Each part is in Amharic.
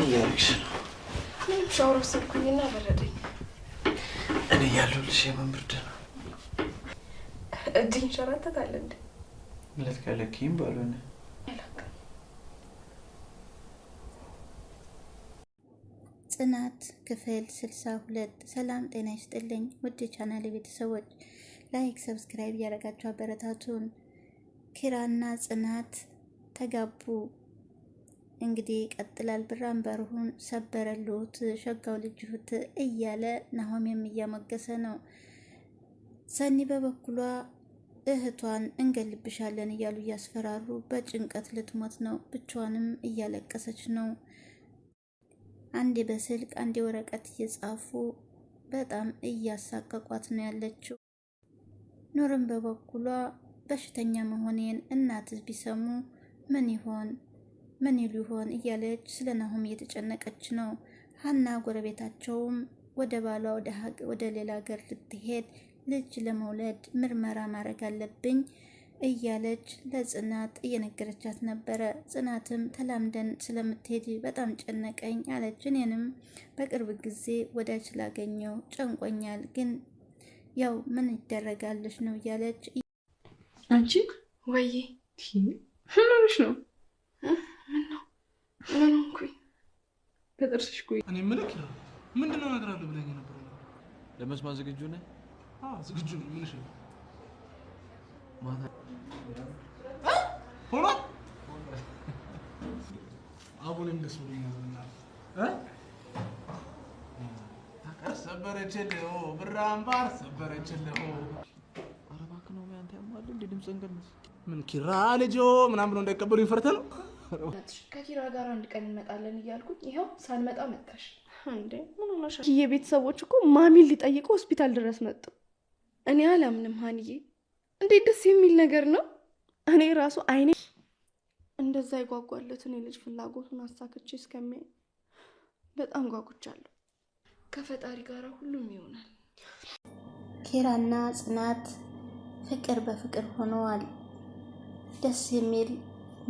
ምን እያደረግሽ ነው? ምንም ሻወር ወሰድኩኝና በረደኝ። እኔ እያለሁልሽ የምን ብርድ ነው? እጅ ይንሸራተታል እንዴ? ምለት ከለኪም ባልሆነ ጽናት ክፍል ስልሳ ሁለት ሰላም ጤና ይስጥልኝ። ውድ ቻናል ቤተሰቦች ላይክ፣ ሰብስክራይብ እያደረጋችሁ አበረታቱን። ኪራና ጽናት ተጋቡ። እንግዲህ ይቀጥላል። ብራን በርሁን ሰበረልሁት ሸጋው ልጅሁት እያለ ናሆሜም እያሞገሰ ነው። ሰኒ በበኩሏ እህቷን እንገልብሻለን እያሉ እያስፈራሩ በጭንቀት ልትሞት ነው። ብቻዋንም እያለቀሰች ነው። አንዴ በስልክ አንዴ ወረቀት እየጻፉ በጣም እያሳቀቋት ነው ያለችው። ኑርም በበኩሏ በሽተኛ መሆኔን እናትስ ቢሰሙ ምን ይሆን ምን ይሉ ይሆን እያለች ስለ ናሆም እየተጨነቀች ነው። ሀና ጎረቤታቸውም ወደ ባሏ ወደ ሀቅ ወደ ሌላ ሀገር ልትሄድ ልጅ ለመውለድ ምርመራ ማድረግ አለብኝ እያለች ለጽናት እየነገረቻት ነበረ። ጽናትም ተላምደን ስለምትሄድ በጣም ጨነቀኝ አለች። እኔንም በቅርብ ጊዜ ወዳጅ ስላገኘው ጨንቆኛል፣ ግን ያው ምን ይደረጋለች ነው እያለች አንቺ ወይ ምን ሆነሽ ነው ምነው ምን ሆንኩኝ? በጥርስሽ ቆይ። እኔ የምልህ ምንድን ነው ነገር አለ ብለኝ ነበር። ለመስማት ዝግጁ ነህ? ዝግጁ ነኝ። ምንሽ ነው ሆኖ አቡነ ደስ ብሎኛል። ሰበረችልህ ብር ሰበረችልህ። ኧረ እባክህ ነው ያንተ ያማል ድምፅህን ቀንስ። ምን ኪራ ልጆ ምናምን ብሎ እንዳይቀበሉ ይፈርተ ነው ነበረው። ከኪራ ጋር አንድ ቀን እንመጣለን እያልኩኝ ይኸው ሳንመጣ መጣሽ። እንዴ ምን ሆነሻል? የቤተሰቦች እኮ ማሚን ሊጠይቁ ሆስፒታል ድረስ መጡ። እኔ አላምንም ሀንዬ፣ እንዴት ደስ የሚል ነገር ነው። እኔ ራሱ አይኔ እንደዛ የጓጓለትን የልጅ ፍላጎቱን አሳክቼ እስከሚያይ በጣም ጓጉቻለሁ። ከፈጣሪ ጋር ሁሉም ይሆናል። ኪራና ጽናት ፍቅር በፍቅር ሆነዋል። ደስ የሚል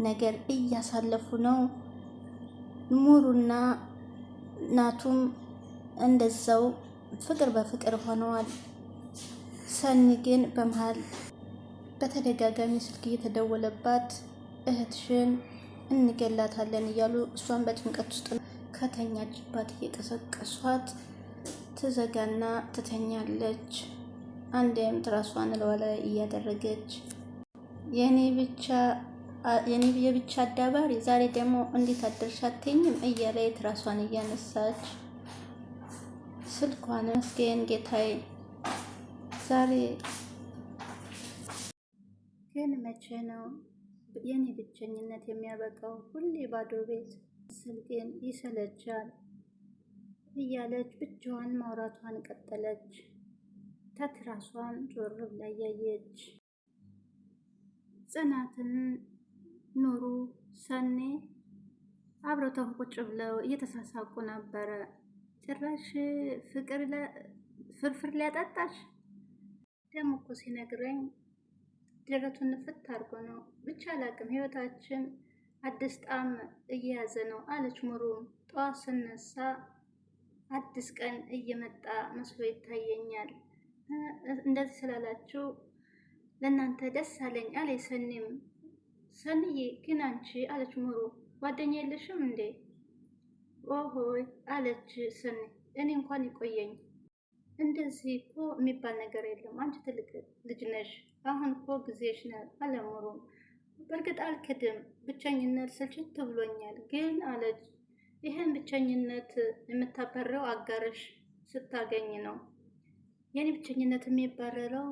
ነገር እያሳለፉ ነው። ሙሩና ናቱም እንደዛው ፍቅር በፍቅር ሆነዋል። ሰኒ ግን በመሀል በተደጋጋሚ ስልክ እየተደወለባት እህትሽን እንገላታለን እያሉ እሷን በጭንቀት ውስጥ ከተኛችባት እየቀሰቀሷት ትዘጋና ትተኛለች። አንዴም ትራሷን ለዋላ እያደረገች የኔ ብቻ የኔ ብቻ አዳባሪ ዛሬ ደግሞ እንዴት አደርሽ አትይኝም እያለ ትራሷን እያነሳች ስልኳን መስገን ጌታዬ ዛሬ ግን መቼ ነው የኔ ብቸኝነት የሚያበቃው? ሁሌ ባዶ ቤት ስልጤን ይሰለቻል እያለች ብቻዋን ማውራቷን ቀጠለች። ተትራሷን ዞር ብላ ያየች ጽናትን ኑሩ ሰኔ አብረው ተው ቁጭ ብለው እየተሳሳቁ ነበረ። ጭራሽ ፍቅር ፍርፍር ሊያጠጣሽ ደም እኮ ሲነግረኝ ደረቱን ፍት አድርጎ ነው። ብቻ አላቅም ህይወታችን አዲስ ጣም እየያዘ ነው አለች ሙሩ። ጠዋት ስነሳ አዲስ ቀን እየመጣ መስሎ ይታየኛል። እንደዚህ ስላላችሁ ለእናንተ ደስ አለኝ አለ ሰኔም ሰንዬ ግን አንቺ አለች ሙሩ ጓደኛ የለሽም እንዴ? ኦሆይ አለች ሰኒ። እኔ እንኳን ይቆየኝ እንደዚህ እኮ የሚባል ነገር የለም። አንቺ ትልቅ ልጅ ነሽ። አሁን እኮ ጊዜሽ ነው አለ ሙሩ። በእርግጥ አልክድም፣ ብቸኝነት ስልችት ትብሎኛል። ግን አለች ይህን ብቸኝነት የምታበረው አጋርሽ ስታገኝ ነው። የኔ ብቸኝነት የሚባረረው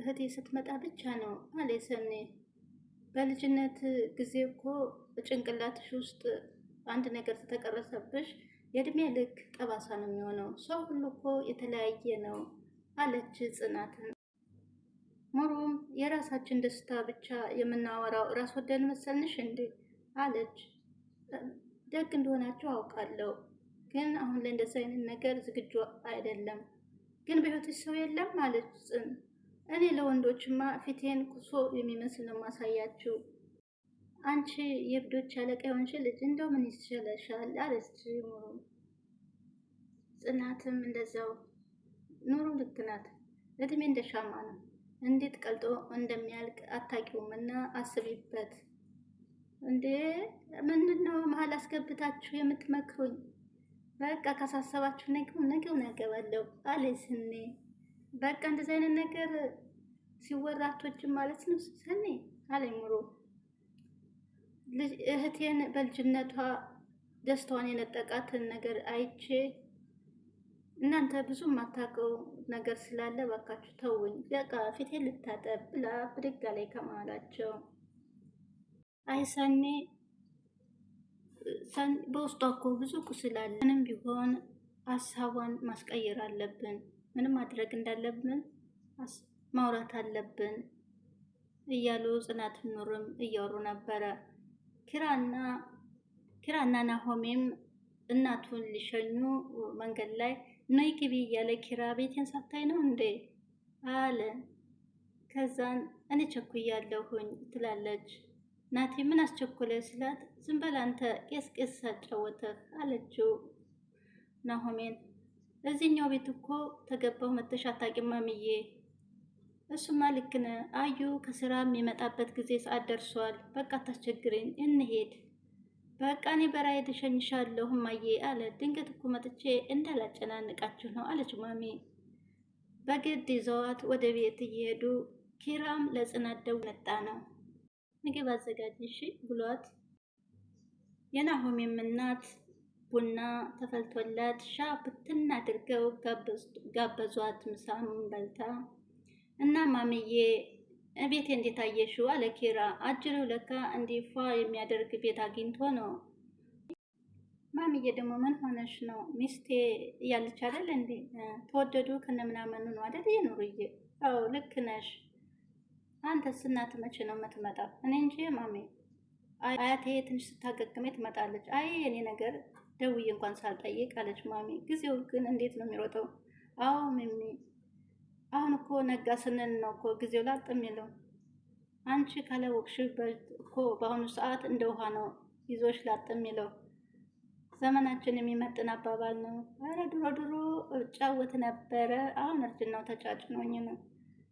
እህቴ ስትመጣ ብቻ ነው አለ ሰኒ። በልጅነት ጊዜ እኮ ጭንቅላትሽ ውስጥ አንድ ነገር ተተቀረጸብሽ የእድሜ ልክ ጠባሳ ነው የሚሆነው። ሰው ሁሉ እኮ የተለያየ ነው አለች ጽናትን። ሙሩም የራሳችን ደስታ ብቻ የምናወራው ራስ ወደን መሰልንሽ እንዴ? አለች። ደግ እንደሆናችሁ አውቃለሁ፣ ግን አሁን ለእንደዚህ አይነት ነገር ዝግጁ አይደለም። ግን በህይወትች ሰው የለም አለች ጽን እኔ ለወንዶችማ ፊቴን ኩሶ የሚመስል ነው ማሳያችሁ። አንቺ የብዶች አለቃ የሆንሽ ልጅ እንደው ምን ይሻለሻል? አለች ኑሩ። ጽናትም እንደዛው ኑሩ ልክ ናት። እድሜ እንደ ሻማ ነው፣ እንዴት ቀልጦ እንደሚያልቅ አታውቂውም እና አስቢበት። እንዴ ምንድን ነው መሀል አስገብታችሁ የምትመክሩኝ? በቃ ካሳሰባችሁ ነገው ነገው ነገባለሁ አለ ስኔ በቃ እንደዚህ አይነት ነገር ሲወራ አትወጂም ማለት ነው ስኔ አለኝ ምሮ እህቴን በልጅነቷ ደስታዋን የነጠቃትን ነገር አይቼ እናንተ ብዙ የማታውቀው ነገር ስላለ ባካችሁ ተውኝ፣ በቃ ፊቴን ልታጠብ ብላ ብድግ ላይ ከመሀላቸው አይ ሰኔ በውስጧ እኮ ብዙ ቁስል አለ። ምንም ቢሆን ሀሳቧን ማስቀየር አለብን። ምንም ማድረግ እንዳለብን ማውራት አለብን እያሉ ጽናት ኑርም እያወሩ ነበረ። ኪራና ኪራና ናሆሜም እናቱን ሊሸኙ መንገድ ላይ ነይ ግቢ እያለ ኪራ ቤቴን ሳታይ ነው እንዴ አለ። ከዛን እኔ ቸኩያለሁኝ ትላለች ናቲ። ምን አስቸኩለ ስላት ዝም በል ቄስ ቄስ ሳጫወተህ አለችው ናሆሜን እዚህኛው ቤት እኮ ተገባሁ መተሽ አታውቂም ማምዬ። እሱማ ልክ ነህ አዩ፣ ከስራ የሚመጣበት ጊዜ ሰዓት ደርሷል። በቃ አታስቸግረኝ፣ እንሄድ። በቃ እኔ በራይድ እሸኝሻለሁ ማዬ አለ። ድንገት እኮ መጥቼ እንዳላጨናንቃችሁ ነው አለች ማሚ። በግድ ይዘዋት ወደ ቤት እየሄዱ ኪራም ለጽናት ደው መጣ ነው ምግብ አዘጋጅሽ ብሏት የናሆሜም እናት ቡና ተፈልቶለት ሻ ብትና አድርገው ጋበዟት። ምሳም በልታ እና ማምዬ ቤት እንዴት አየሽው? አለ ኪራ። አጅሬው ለካ እንዲህ ፏ የሚያደርግ ቤት አግኝቶ ነው። ማምዬ ደግሞ ምን ሆነሽ ነው ሚስቴ እያለች አይደል እንዴ? ተወደዱ ከነምናመኑ ነው አይደል? የኑርዬ አዎ ልክ ነሽ። አንተስ እናት መቼ ነው የምትመጣው? እኔ እንጂ ማሜ አያቴ ትንሽ ስታገግመኝ ትመጣለች። አይ የኔ ነገር ደውዬ እንኳን ሳልጠይቅ አለች ማሚ። ጊዜው ግን እንዴት ነው የሚሮጠው? አዎ ሚሚ፣ አሁን እኮ ነጋ ስንል ነው እኮ ጊዜው ላጥ የሚለው። አንቺ ካላወቅሽ እኮ በአሁኑ ሰዓት እንደ ውሃ ነው ይዞሽ ላጥ የሚለው። ዘመናችን የሚመጥን አባባል ነው። ኧረ ድሮ ድሮ እጫወት ነበረ፣ አሁን እርጅናው ተጫጭኖኝ ነው።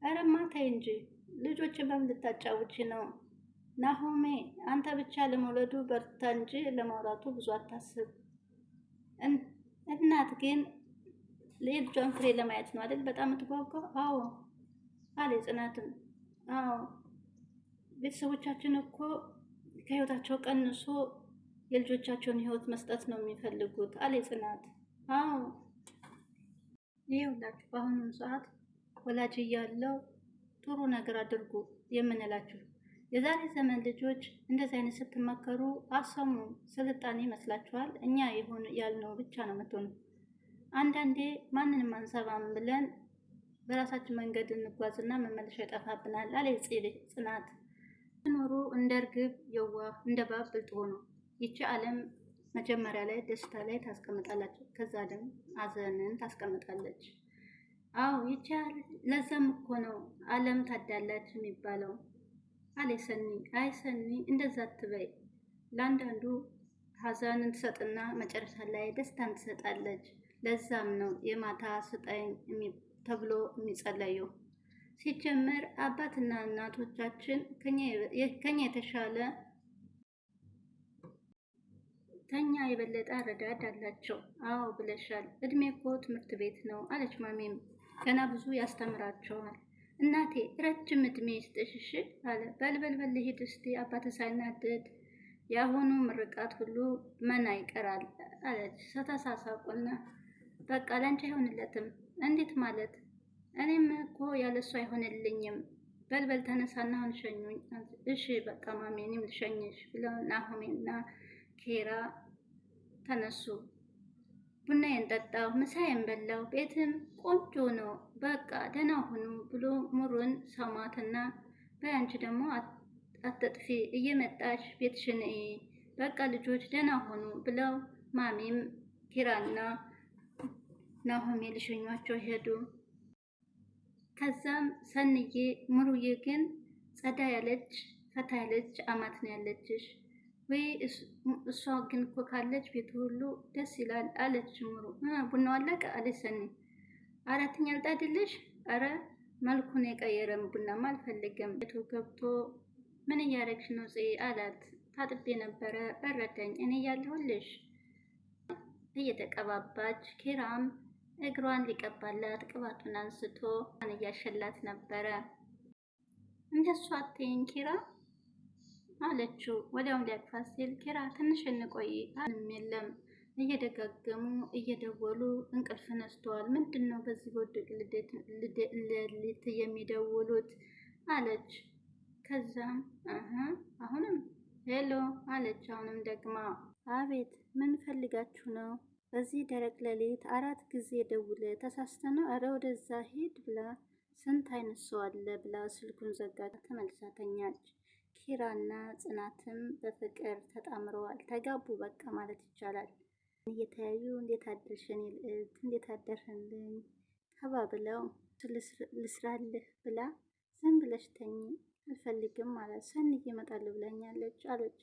ኧረ ማታይ እንጂ ልጆችን በምን ልታጫውቺ ነው? ናሆሜ አንተ ብቻ ለመውለዱ በርታ እንጂ ለማውራቱ ብዙ አታስብ። እናት ግን የልጇን ፍሬ ለማየት ነው አይደል? በጣም የምትጓጓው። አዎ አለ ጽናትም። አዎ ቤተሰቦቻችን እኮ ከህይወታቸው ቀንሶ የልጆቻቸውን ህይወት መስጠት ነው የሚፈልጉት አለ ጽናት። አዎ ይኸውላችሁ በአሁኑም ሰዓት ወላጅ እያለው ጥሩ ነገር አድርጉ የምንላችሁ የዛሬ ዘመን ልጆች እንደዚህ አይነት ስትመከሩ አሰሙ ስልጣኔ ይመስላችኋል። እኛ የሆኑ ያልነው ብቻ ነው ነው። አንዳንዴ ማንንም አንሰማም ብለን በራሳችን መንገድ እንጓዝና መመለሻ ይጠፋብናል አለ ጽናት። ስትኖሩ እንደ እርግብ የዋህ እንደ ባብ ብልጥ ሆኖ ይቺ ዓለም መጀመሪያ ላይ ደስታ ላይ ታስቀምጣለች፣ ከዛ ደግሞ አዘንን ታስቀምጣለች። አዎ ይቻል። ለዛም እኮ ነው ዓለም ታዳላች የሚባለው። አለ ሰኒ። አይ ሰኒ እንደዛ አትበይ። ለአንዳንዱ ሀዘንን ትሰጥና መጨረሻ ላይ ደስታን ትሰጣለች። ለዛም ነው የማታ ስጠኝ ተብሎ የሚጸለየው። ሲጀመር አባትና እናቶቻችን ከኛ የተሻለ ከኛ የበለጠ አረዳድ አላቸው። አዎ ብለሻል። እድሜ እኮ ትምህርት ቤት ነው አለች ማሜም። ገና ብዙ ያስተምራቸዋል። እናቴ ረጅም እድሜ ይስጥሽ አለ። በልበልበል ሂድ እስቲ አባተ ሳይናደድ የአሁኑ ምርቃት ሁሉ መና ይቀራል አለች። ስተሳሳቁና በቃ ለአንቺ አይሆንለትም። እንዴት ማለት እኔም እኮ ያለሱ አይሆንልኝም። በልበል ተነሳና አሁን ሸኙኝ። እሺ በቃ ማሜ ልሸኝሽ ብለው ናሆሜና ኬራ ተነሱ። ቡና ጠጣሁ፣ ምሳዬን የንበላው ቤትም ቆንጆ ነው፣ በቃ ደህና ሁኑ ብሎ ሙሩን ሰማትና በያንቺ ደግሞ አትጥፊ እየመጣሽ ቤትሽን እይ፣ በቃ ልጆች ደህና ሁኑ ብለው ማሚም ኪራና ናሆሜ ልሸኟቸው ሄዱ። ከዛም ሰንዬ ሙሩዬ ግን ጸዳ ያለች ፈታ ያለች አማት ነው ያለችሽ ወይ እሷ ግን እኮ ካለች ቤቱ ሁሉ ደስ ይላል አለች ምሩ። ቡናው አለቀ አለች ሰኒ። አራተኛ አልጣድልሽ። አረ መልኩን የቀየረም ቡናም አልፈልግም። ቤቱ ገብቶ ምን እያደረግሽ ነው ጽ አላት። ታጥቤ ነበረ በረደኝ እኔ እያለሁልሽ እየተቀባባች ኪራም እግሯን ሊቀባላት ቅባቱን አንስቶ እያሸላት ነበረ። እንደሷ አትይኝ ኪራ አለችው። ወዲያውም ሊያጥፋት ሲል ኪራ ትንሽ እንቆይ አልም የለም እየደጋገሙ እየደወሉ እንቅልፍ ነስተዋል። ምንድን ነው በዚህ በወደቅ ሌሊት የሚደውሉት አለች። ከዛም አሁንም ሄሎ አለች። አሁንም ደግማ አቤት፣ ምን ፈልጋችሁ ነው? በዚህ ደረቅ ሌሊት አራት ጊዜ ደውለ ተሳስተ ነው፣ ወደዛ ሂድ ብላ ስንት አይነት ሰው አለ ብላ ስልኩን ዘጋ። ተመልሳ ኪራና ጽናትም በፍቅር ተጣምረዋል፣ ተጋቡ በቃ ማለት ይቻላል። እየተያዩ እንዴት አደርሽን ልዕልት፣ እንዴት አደርህልኝ ተባብለው ልስራልህ ብላ ዝም ብለሽ ተኝ አልፈልግም ማለት ሰንዬ እመጣለሁ ብለኛለች አለች።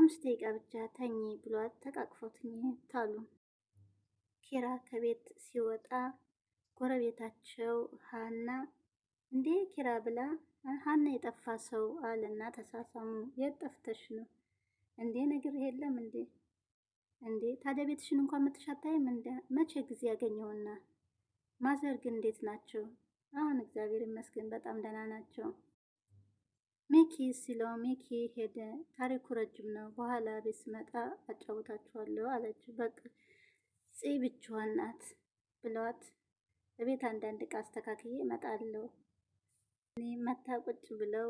አምስት ደቂቃ ብቻ ተኝ ብሏት ተቃቅፎት ታሉ። ኪራ ከቤት ሲወጣ ጎረቤታቸው ሀና እንዴ ኪራ ብላ ሀና የጠፋ ሰው አለና ተሳሳሙ። የት ጠፍተሽ ነው እንዴ? ነገር የለም እንዴ? እንዴ ታዲያ ቤትሽን እንኳን መተሻታይም እንደ መቼ ጊዜ ያገኘውና ማዘር ግን እንዴት ናቸው? አሁን እግዚአብሔር ይመስገን በጣም ደህና ናቸው። ሚኪ ሲለው ሚኪ ሄደ። ታሪኩ ረጅም ነው፣ በኋላ ቤት ስመጣ አጫውታችኋለሁ አለችው። በቃ ብቻዋን ናት ብለዋት በቤት አንዳንድ ዕቃ አስተካክዬ እመጣለሁ መታ ቁጭ ብለው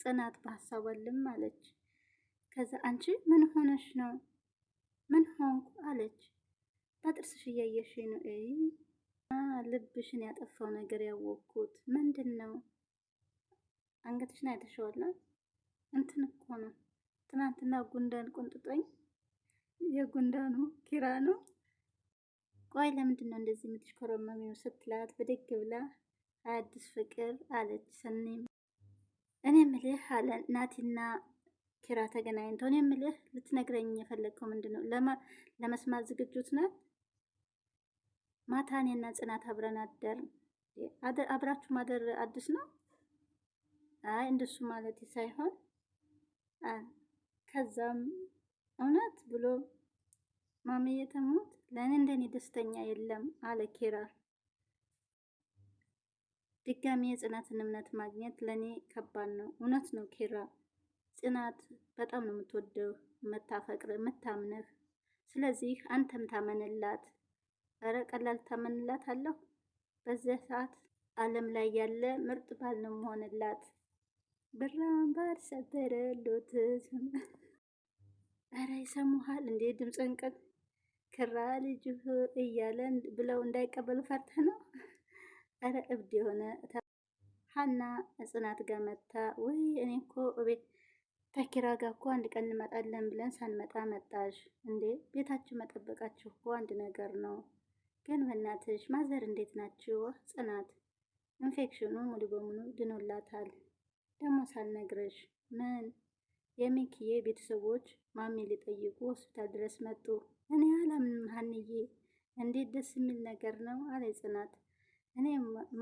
ጽናት በሀሳቧ ልም አለች። ከዛ አንቺ ምን ሆነሽ ነው? ምን ሆንኩ አለች። በጥርስሽ እያየሽ ነው። ልብሽን ያጠፋው ነገር ያወቅኩት ምንድን ነው? አንገትሽን አይተሸዋል። እንትን እኮ ነው ትናንትና ጉንዳን ቁንጥጦኝ የጉንዳኑ ኪራ ነው። ቆይ ለምንድን ነው እንደዚህ የምትሽኮረመሚው? ስትላት ብድግ ብላ አዲስ ፍቅር አለች ሰኒም። እኔ ምልህ አለ ናቲና ኪራ ተገናኝተው፣ እኔ ምልህ ልትነግረኝ የፈለግከው ምንድን ነው? ለመስማት ዝግጁት ናት? ማታ እኔና ጽናት አብረን አደር አብራችሁ ማደር አዲስ ነው? አይ እንደሱ ማለት ሳይሆን ከዛም እውነት ብሎ ማመየተሙት ለእኔ እንደኔ ደስተኛ የለም አለ ኪራ ድጋሚ የጽናትን እምነት ማግኘት ለእኔ ከባድ ነው። እውነት ነው ኪራ፣ ጽናት በጣም ነው የምትወደው፣ የምታፈቅር፣ የምታምንህ። ስለዚህ አንተም ታመንላት። እረ ቀላል ታመንላት አለሁ በዚያ ሰዓት አለም ላይ ያለ ምርጥ ባል ነው መሆንላት። ብራን ባር ሰበረሎት። እረ ይሰሙሃል እንዴ ድምፅ ቀጥ ክራ ልጅ እያለ ብለው እንዳይቀበሉ ፈርተ ነው። ኧረ እብድ የሆነ ሀና ጽናት ጋር መታ። ወይ እኔ እኮ ቤት ተኪራ ጋር እኮ አንድ ቀን እንመጣለን ብለን ሳንመጣ መጣሽ እንዴ! ቤታችሁ መጠበቃችሁ እኮ አንድ ነገር ነው። ግን በእናትሽ ማዘር እንዴት ናችሁ? ጽናት ኢንፌክሽኑ ሙሉ በሙሉ ድኖላታል። ደግሞ ሳልነግርሽ ምን የሚክዬ ቤተሰቦች ማሚ ሊጠይቁ ሆስፒታል ድረስ መጡ። እኔ አላምንም ሀንዬ፣ እንዴት ደስ የሚል ነገር ነው አለ ጽናት እኔ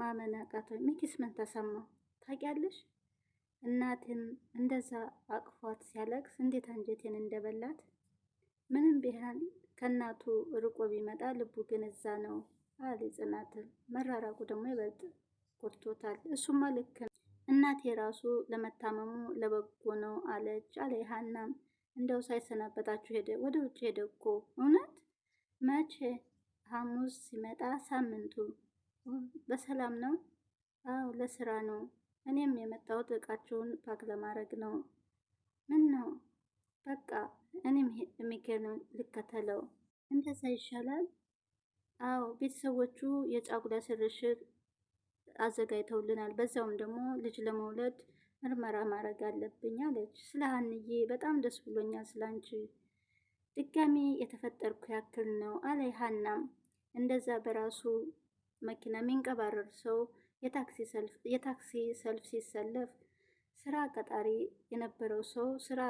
ማመን አቃተኝ። ሚኪስ ምን ተሰማው ታውቂያለሽ? እናቴን እንደዛ አቅፏት ሲያለቅስ እንዴት አንጀቴን እንደበላት ምንም ቢሆን ከእናቱ ርቆ ቢመጣ ልቡ ግን እዛ ነው አለ ጽናትን። መራራቁ ደግሞ ይበልጥ ጎድቶታል። እሱማ ልክ እናቴ ራሱ ለመታመሙ ለበጎ ነው አለች አለ ሀናም። እንደው ሳይሰናበታችሁ ሄደ፣ ወደ ውጭ ሄደ እኮ እውነት። መቼ ሐሙስ ሲመጣ ሳምንቱ በሰላም ነው? አዎ ለስራ ነው። እኔም የመጣሁት እቃችሁን ፓክ ለማድረግ ነው። ምን ነው? በቃ እኔም የሚገኝ ልከተለው። እንደዛ ይሻላል። አዎ ቤተሰቦቹ የጫጉላ ሽርሽር አዘጋጅተውልናል። በዛውም ደግሞ ልጅ ለመውለድ ምርመራ ማድረግ አለብኝ አለች። ስለ ሀንዬ በጣም ደስ ብሎኛል። ስለ አንቺ ድጋሜ የተፈጠርኩ ያክል ነው አለ ሀናም እንደዛ በራሱ መኪና የሚንቀባረር ሰው የታክሲ ሰልፍ ሲሰለፍ ስራ ቀጣሪ የነበረው ሰው ስራ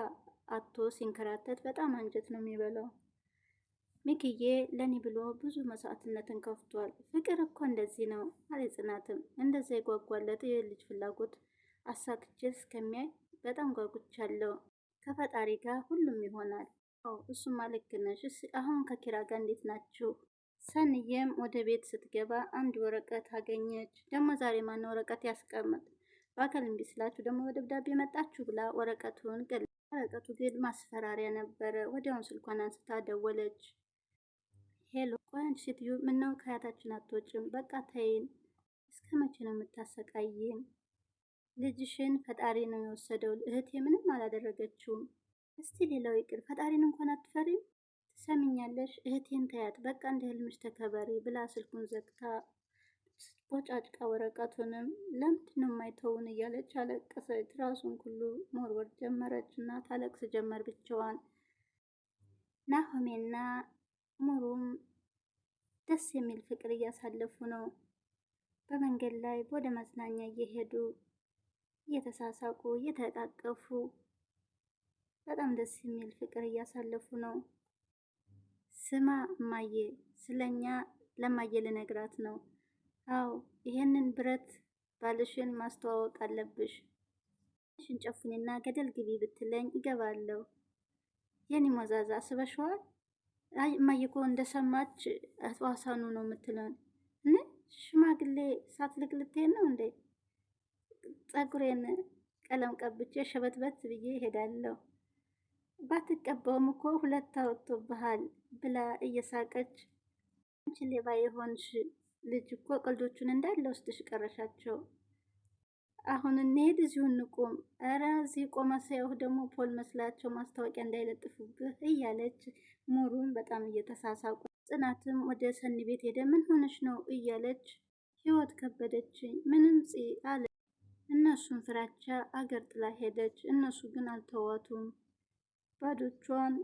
አቶ ሲንከራተት በጣም አንጀት ነው የሚበላው። ሚክዬ ለኔ ብሎ ብዙ መስዋዕትነትን ከፍቷል። ፍቅር እኮ እንደዚህ ነው አለ ጽናትም። እንደዛ የጓጓለት የልጅ ፍላጎት አሳክቼ እስከሚያይ በጣም ጓጉቻለሁ። ከፈጣሪ ጋር ሁሉም ይሆናል። እሱማ ልክ ነሽ። አሁን ከኪራ ጋር እንዴት ናችሁ? ሰንዬም ወደ ቤት ስትገባ አንድ ወረቀት አገኘች። ደግሞ ዛሬ ማን ወረቀት ያስቀምጥ በአካል እምቢ ስላችሁ ደግሞ በደብዳቤ መጣችሁ ብላ ወረቀቱን ገለ ወረቀቱ ግን ማስፈራሪያ ነበረ። ወዲያውን ስልኳን አንስታ ደወለች። ሄሎ፣ ቆይ አንቺ ሴትዮ ምነው ከያታችን አትወጭም? በቃ ተይን። እስከ መቼ ነው የምታሰቃይን? ልጅሽን ፈጣሪ ነው የወሰደው። እህቴ ምንም አላደረገችውም። እስቲ ሌላው ይቅር፣ ፈጣሪን እንኳን አትፈሪም? ሰሚኛለሽ እህቴን ተያት፣ በቃ እንደ ህልምሽ ተከበሪ ብላ ስልኩን ዘግታ ቦጫጭቃ ወረቀቱንም ለምንድን ነው የማይተውን እያለች አለቀሰች። ራሱን ሁሉ መወርወር ጀመረች እና ታለቅስ ጀመር ብቻዋን። ናሆሜና ሙሩም ደስ የሚል ፍቅር እያሳለፉ ነው። በመንገድ ላይ ወደ መዝናኛ እየሄዱ እየተሳሳቁ እየተጣቀፉ በጣም ደስ የሚል ፍቅር እያሳለፉ ነው። ስማ እማዬ፣ ስለኛ ለማዬ ልነግራት ነው። አዎ ይሄንን ብረት ባልሽን ማስተዋወቅ አለብሽ። ሽንጨፉንና ገደል ግቢ ብትለኝ ይገባለሁ። የኔ መዛዛ አስበሽዋል? እማዬ እኮ እንደሰማች አዋሳኑ ነው የምትለን። ሽማግሌ ሳትልቅልቴ ነው እንዴ? ጸጉሬን ቀለም ቀብቼ ሸበትበት ብዬ እሄዳለሁ። ባትቀባውም እኮ ሁለት አወጥቶብሃል። ብላ እየሳቀች አንቺ ሌባ የሆንሽ ልጅ እኮ ቀልዶቹን እንዳለ ውስጥሽ ቀረሻቸው። አሁን እንሄድ፣ እዚሁ እንቁም። ኧረ እዚህ ቆመ ሰው ደግሞ ፖል መስላቸው ማስታወቂያ እንዳይለጥፉብህ እያለች ሙሩን በጣም እየተሳሳቁ፣ ጽናትም ወደ ሰኒ ቤት ሄደ። ምን ሆነሽ ነው እያለች ህይወት ከበደችኝ ምንም ጽ አለ። እነሱን ፍራቻ አገር ጥላ ሄደች። እነሱ ግን አልተዋቱም ባዶቿን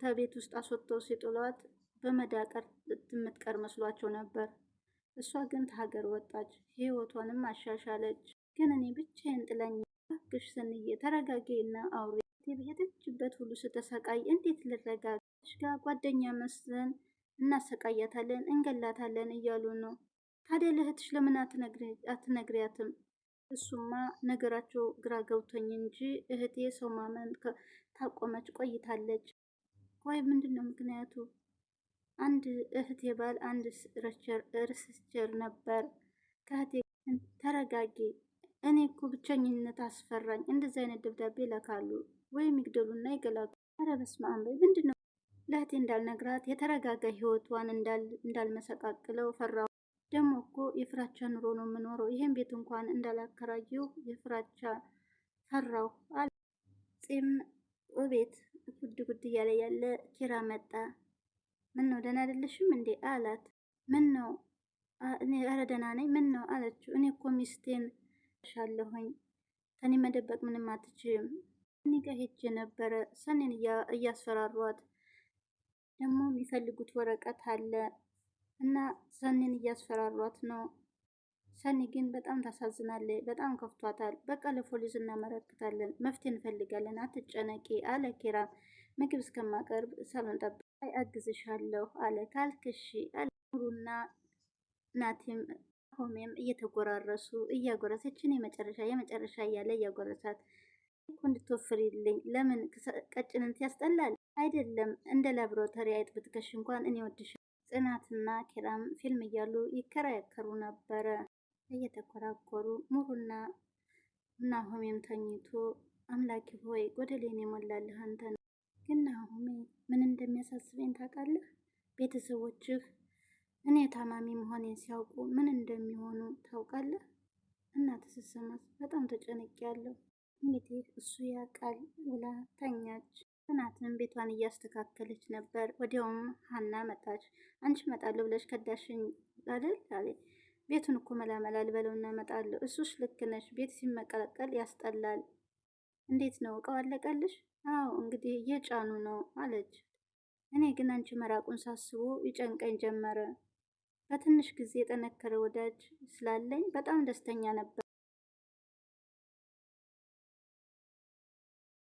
ከቤት ውስጥ አስወጥተው ሲጥሏት በመዳቀር የምትቀር መስሏቸው ነበር። እሷ ግን ተሀገር ወጣች፣ ህይወቷንም አሻሻለች። ግን እኔ ብቻዬን ጥለኝ እባክሽ ስንዬ ተረጋጌና አውሪ በሄደችበት ሁሉ ስተሰቃይ እንዴት ልረጋጋሽ? ጋር ጓደኛ መስለን እናሰቃያታለን፣ እንገላታለን እያሉ ነው። ታዲያ ለእህትሽ ለምን አትነግሪያትም? እሱማ ነገራቸው ግራ ገብቶኝ እንጂ እህቴ ሰው ማመን ታቆመች ቆይታለች። ወይ ምንድን ነው ምክንያቱ? አንድ እህቴ ባል አንድ ርስቸር ነበር ከእህቴ ተረጋጊ። እኔ እኮ ብቸኝነት አስፈራኝ። እንደዚህ አይነት ደብዳቤ ይለካሉ ወይም ይግደሉና ይገላሉ። ኧረ በስመ አብ! ምንድን ነው ለእህቴ እንዳልነግራት የተረጋጋ ህይወቷን እንዳልመሰቃቅለው ፈራሁ። ደግሞ እኮ የፍራቻ ኑሮ ነው የምኖረው። ይህን ቤት እንኳን እንዳላከራየሁ የፍራቻ ፈራሁ አለ ፂም ቤት ጉድ ጉድ እያለ ያለ ኪራ መጣ። ምን ነው ደህና አይደለሽም እንዴ አላት። ምን ነው እኔ ኧረ ደህና ነኝ። ምን ነው አለችው። እኔ እኮ ሚስቴን ሻለሁኝ ከኔ መደበቅ ምንም አትችይም። እኔ ጋር ሄጄ ነበረ ሰኔን እያስፈራሯት ደግሞ የሚፈልጉት ወረቀት አለ እና ሰኔን እያስፈራሯት ነው ሰኒ ግን በጣም ታሳዝናለ በጣም ከፍቷታል። በቃ ለፖሊስ እናመረክታለን፣ መፍትሄ እንፈልጋለን፣ አትጨነቂ አለ ኪራም። ምግብ እስከማቀርብ ሰሎን ጠብቂ፣ አግዝሻለሁ አለ ካልክሺ አለ ሙሉና ናቲም ሆሜም እየተጎራረሱ እያጎረሰች የመጨረሻ መጨረሻ የመጨረሻ እያለ እያጎረሳት እንድትወፍሪልኝ ለምን ቀጭንነት ያስጠላል አይደለም እንደ ላብራቶሪ አይጥ ብትከሽ እንኳን እኔ ወድሻ ጽናትና ኪራም ፊልም እያሉ ይከራከሩ ነበረ። እየተኮራኮሩ ሙሩና ናሆሜም ተኝቶ አምላኪ ሆይ ጎደሌን የሞላልህ አንተ ነው። ግን ናሆሜ ምን እንደሚያሳስበኝ ታውቃለህ? ቤተሰቦችህ እኔ ታማሚ መሆኔን ሲያውቁ ምን እንደሚሆኑ ታውቃለህ? እናት ስሰማት በጣም ተጨነቅ ያለው እንግዲህ እሱ ያውቃል ብላ ተኛች። ጽናትም ቤቷን እያስተካከለች ነበር። ወዲያውም ሀና መጣች። አንቺ እመጣለሁ ብለሽ ከዳሽኝ አይደል አለች። ቤቱን እኮ መላመላ ልበለውና እመጣለሁ። እሱስ ልክ ነሽ፣ ቤት ሲመቀለቀል ያስጠላል። እንዴት ነው እቃው አለቀልሽ? አዎ እንግዲህ እየጫኑ ነው አለች። እኔ ግን አንቺ መራቁን ሳስቦ ይጨንቀኝ ጀመረ። በትንሽ ጊዜ የጠነከረ ወዳጅ ስላለኝ በጣም ደስተኛ ነበር።